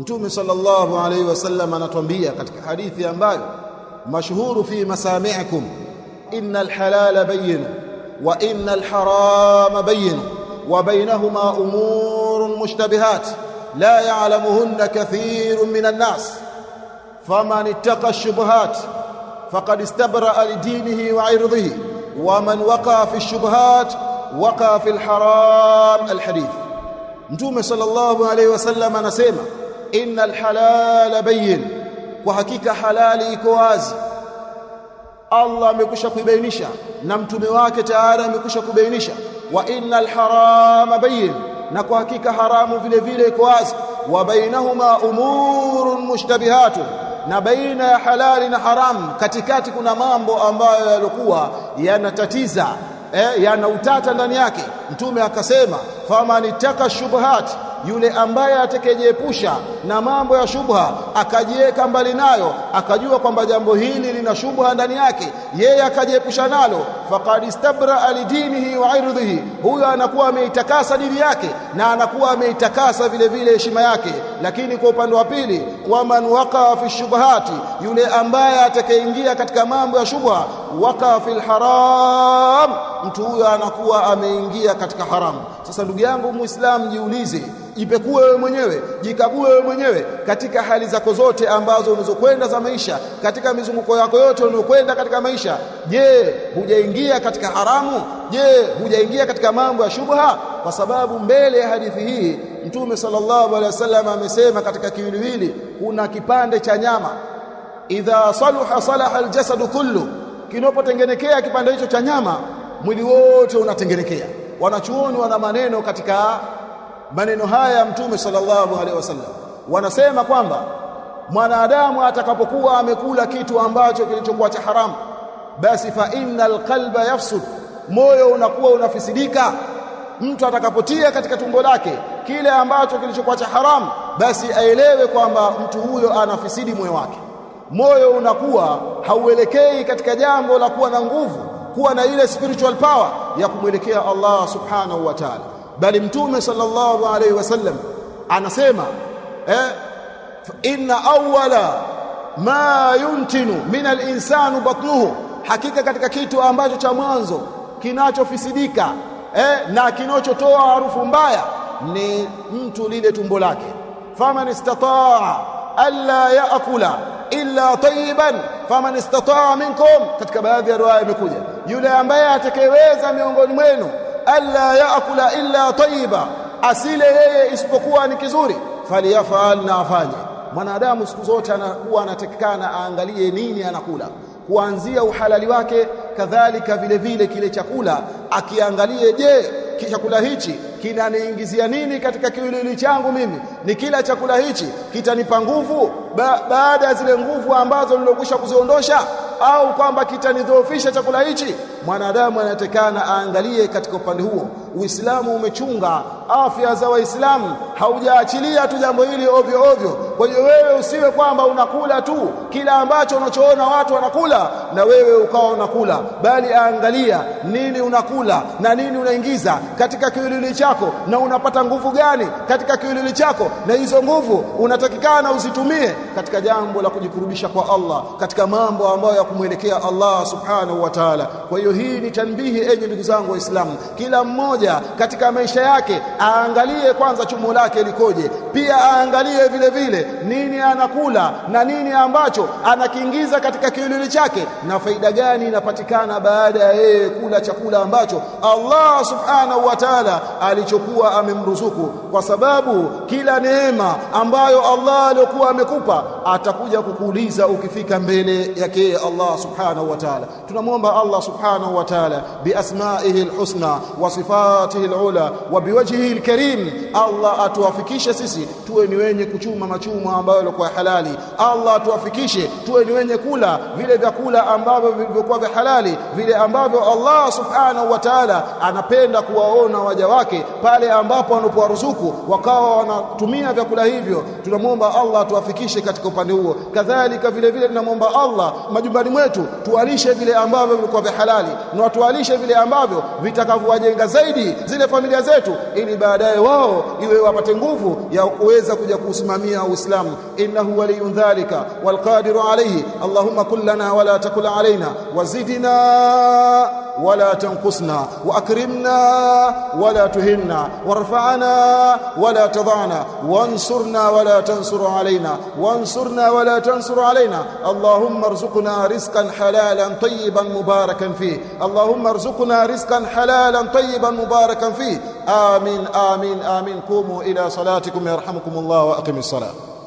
mtume sallallahu alaihi wasallam anatuambia katika hadithi ambayo mashuhuru fi masami'ikum inal halal bayyin wa inal haram bayyin wa bainahuma umurun mushtabihat la ya'lamuhunna kathirun minan nas faman ittaqa shubuhat faqad istabra'a li dinihi wa 'irdihi wa man waqa fi ash-shubuhat waqa fi al-haram al-hadith mtume sallallahu alaihi wasallam anasema innal halala bayin kwa hakika halali iko wazi Allah amekwisha kuibainisha na mtume wake tayari amekwisha kubainisha wa innal harama bayin na kwa hakika haramu vile vile iko wazi wa bainahuma umurun mushtabihatun na baina ya halali na haramu katikati kuna mambo ambayo yalikuwa yanatatiza eh, yana utata ndani yake mtume akasema faman ittaka shubuhat yule ambaye atakayejiepusha na mambo ya shubha akajiweka mbali nayo, akajua kwamba jambo hili lina shubha ndani yake, yeye akajiepusha nalo, faqad istabra lidinihi wa irdhihi, huyo anakuwa ameitakasa dini yake na anakuwa ameitakasa vile vile heshima yake. Lakini kwa upande wa pili, wa man waqaa fi shubhati, yule ambaye atakayeingia katika mambo ya shubha waka fil haram, mtu huyo anakuwa ameingia katika haramu. Sasa ndugu yangu Muislamu, jiulize, jipekue wewe mwenyewe, jikague wewe mwenyewe katika hali zako zote ambazo unazokwenda za maisha, katika mizunguko yako yote unayokwenda katika maisha. Je, hujaingia katika haramu? Je, hujaingia katika mambo ya shubha? Kwa sababu mbele ya hadithi hii Mtume sallallahu alaihi wasallam amesema katika kiwiliwili kuna kipande cha nyama, idha saluha salaha aljasadu kullu kinapotengenekea kipande hicho cha nyama mwili wote unatengenekea. Wanachuoni wana maneno katika maneno haya ya Mtume sallallahu alaihi wasallam, wanasema kwamba mwanadamu atakapokuwa amekula kitu ambacho kilichokuwa cha haramu, basi fa innal qalba yafsud, moyo unakuwa unafisidika. Mtu atakapotia katika tumbo lake kile ambacho kilichokuwa cha haramu, basi aelewe kwamba mtu huyo anafisidi moyo wake moyo unakuwa hauelekei katika jambo la kuwa na nguvu, kuwa na ile spiritual power ya kumwelekea Allah subhanahu wa ta'ala, bali Mtume sallallahu alaihi wasallam anasema eh, inna awwala ma yuntinu min al insan batnuhu, hakika katika kitu ambacho cha mwanzo kinachofisidika eh, na kinachotoa harufu mbaya ni mtu lile tumbo lake. faman istataa alla yaakula illa tayyiban faman istataa minkum katika baadhi ya riwaya imekuja yule ambaye atakayeweza miongoni mwenu alla yaakula illa tayyiba asile yeye isipokuwa ni kizuri falyafal na afanye mwanadamu siku zote anakuwa anatakikana aangalie nini anakula kuanzia uhalali wake kadhalika vile vile kile chakula akiangalie je chakula hichi kinaniingizia nini katika kiwiliwili changu mimi ni kila chakula hichi kitanipa nguvu ba, baada ya zile nguvu ambazo nilokwisha kuziondosha au kwamba kitanidhoofisha chakula hichi mwanadamu anatekana aangalie katika upande huo Uislamu umechunga afya za Waislamu, haujaachilia tu jambo hili ovyo ovyo. Kwa hiyo wewe usiwe kwamba unakula tu kila ambacho unachoona watu wanakula na wewe ukawa unakula, bali angalia nini unakula na nini unaingiza katika kiwiliwili chako, na unapata nguvu gani katika kiwiliwili chako, na hizo nguvu unatakikana uzitumie katika jambo la kujikurubisha kwa Allah, katika mambo ambayo ya kumwelekea Allah subhanahu wa ta'ala. Kwa hiyo hii ni tanbihi, enyi ndugu zangu Waislamu, kila mmoja mmoja katika maisha yake aangalie kwanza chumo lake likoje, pia aangalie vile vile nini anakula na nini ambacho anakiingiza katika kiulili chake na faida gani inapatikana baada ya yeye kula chakula ambacho Allah subhanahu wa ta'ala alichokuwa amemruzuku kwa sababu kila neema ambayo Allah aliyokuwa amekupa atakuja kukuuliza ukifika mbele yake Allah subhanahu wa ta'ala tunamwomba Allah subhanahu wa ta'ala biasma'ihi alhusna wa sifatihi alula wa biwajhihi alkarim Allah atuwafikishe sisi nafsi tuwe ni wenye kuchuma machuma ambayo yalikuwa halali Allah tuwafikishe tuwe ni wenye kula vile vyakula ambavyo vilivyokuwa vya halali vile ambavyo Allah subhanahu wa ta'ala anapenda kuwaona waja wake pale ambapo ruzuku wakawa wanatumia vyakula hivyo tunamwomba Allah tuwafikishe katika upande huo kadhalika vile vile tunamwomba Allah majumbani mwetu tuwalishe vile ambavyo vilikuwa vya halali na watuwalishe vile ambavyo vitakavyowajenga zaidi zile familia zetu ili baadaye wao iwe wapate nguvu ya kuweza kuja kusimamia Uislamu. innahu waliyun dhalika walqadiru alayhi allahumma kullana wala takul alayna wazidina ولا تنقصنا وأكرمنا ولا تهنا وارفعنا ولا تضعنا وانصرنا ولا تنصر علينا وانصرنا ولا تنصر علينا اللهم ارزقنا رزقا حلالا طيبا مباركا فيه اللهم ارزقنا رزقا حلالا طيبا مباركا فيه آمين آمين آمين قوموا إلى صلاتكم يرحمكم الله وأقم الصلاة